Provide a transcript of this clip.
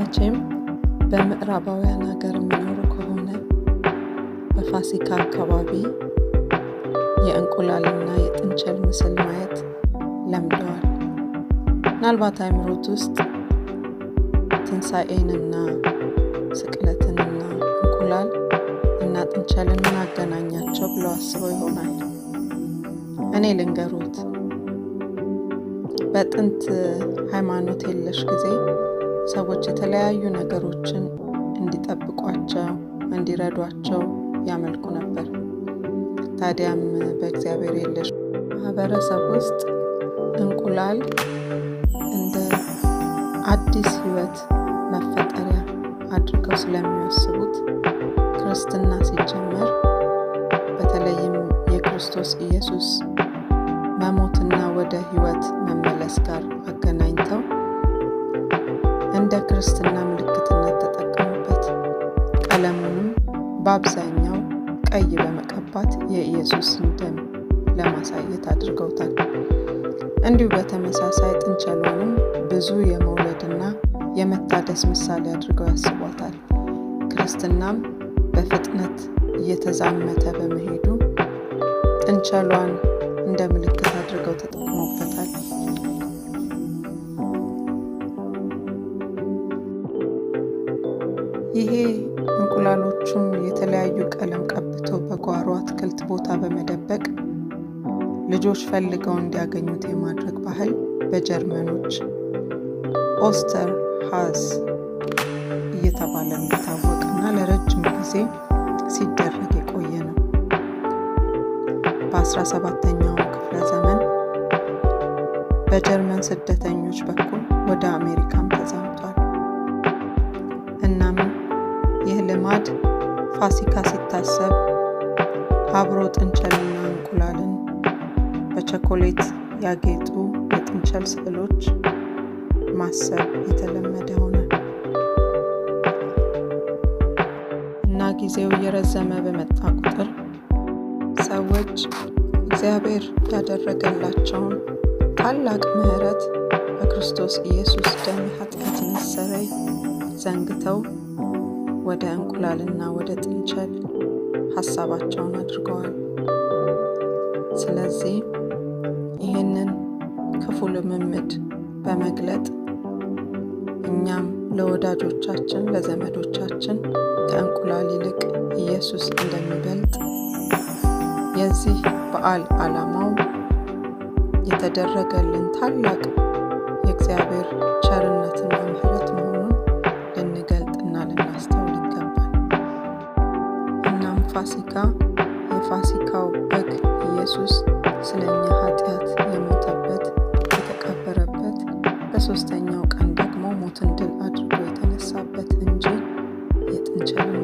መቼም በምዕራባውያን ሀገር የሚኖሩ ከሆነ በፋሲካ አካባቢ የእንቁላልና የጥንቸል ምስል ማየት ለምደዋል። ምናልባት አይምሮት ውስጥ ትንሣኤንና ስቅለትንና እንቁላል እና ጥንቸልን እናገናኛቸው ብለው አስበው ይሆናል። እኔ ልንገሩት በጥንት ሃይማኖት የለሽ ጊዜ ሰዎች የተለያዩ ነገሮችን እንዲጠብቋቸው፣ እንዲረዷቸው ያመልኩ ነበር። ታዲያም በእግዚአብሔር የለሽ ማህበረሰብ ውስጥ እንቁላል እንደ አዲስ ሕይወት መፈጠሪያ አድርገው ስለሚያስቡት ክርስትና ሲጀመር በተለይም የክርስቶስ ኢየሱስ መሞትና ወደ ሕይወት መመለስ ጋር አገናኝተው እንደ ክርስትና ምልክትነት ተጠቀሙበት። ቀለሙንም በአብዛኛው ቀይ በመቀባት የኢየሱስን ደም ለማሳየት አድርገውታል። እንዲሁ በተመሳሳይ ጥንቸሏንም ብዙ የመውለድና የመታደስ ምሳሌ አድርገው ያስቧታል። ክርስትናም በፍጥነት እየተዛመተ በመሄዱ ጥንቸሏን እንደ ምልክት አድርገው ተጠቅመውበት ይሄ እንቁላሎቹን የተለያዩ ቀለም ቀብቶ በጓሮ አትክልት ቦታ በመደበቅ ልጆች ፈልገው እንዲያገኙት የማድረግ ባህል በጀርመኖች ኦስተር ሃዝ እየተባለ የሚታወቅና ለረጅም ጊዜ ሲደረግ የቆየ ነው። በ17ኛው ክፍለ ዘመን በጀርመን ስደተኞች በኩል ወደ አሜሪካም ተዛመ ልማድ ፋሲካ ሲታሰብ አብሮ ጥንቸልና እንቁላልን በቸኮሌት ያጌጡ የጥንቸል ስዕሎች ማሰብ የተለመደ ሆነ እና ጊዜው እየረዘመ በመጣ ቁጥር ሰዎች እግዚአብሔር ያደረገላቸውን ታላቅ ምሕረት በክርስቶስ ኢየሱስ ደም ኃጢአት መሰረይ ዘንግተው ወደ እንቁላልና ወደ ጥንቸል ሀሳባቸውን አድርገዋል። ስለዚህ ይህንን ክፉ ልምምድ በመግለጥ እኛም ለወዳጆቻችን ለዘመዶቻችን ከእንቁላል ይልቅ ኢየሱስ እንደሚበልጥ የዚህ በዓል ዓላማው የተደረገልን ታላቅ የእግዚአብሔር ቸርነትና ፋሲካ የፋሲካው በግ ኢየሱስ ስለ እኛ ኃጢአት የሞተበት የተቀበረበት በሦስተኛው ቀን ደግሞ ሞትን ድል አድርጎ የተነሳበት እንጂ የጥንቸል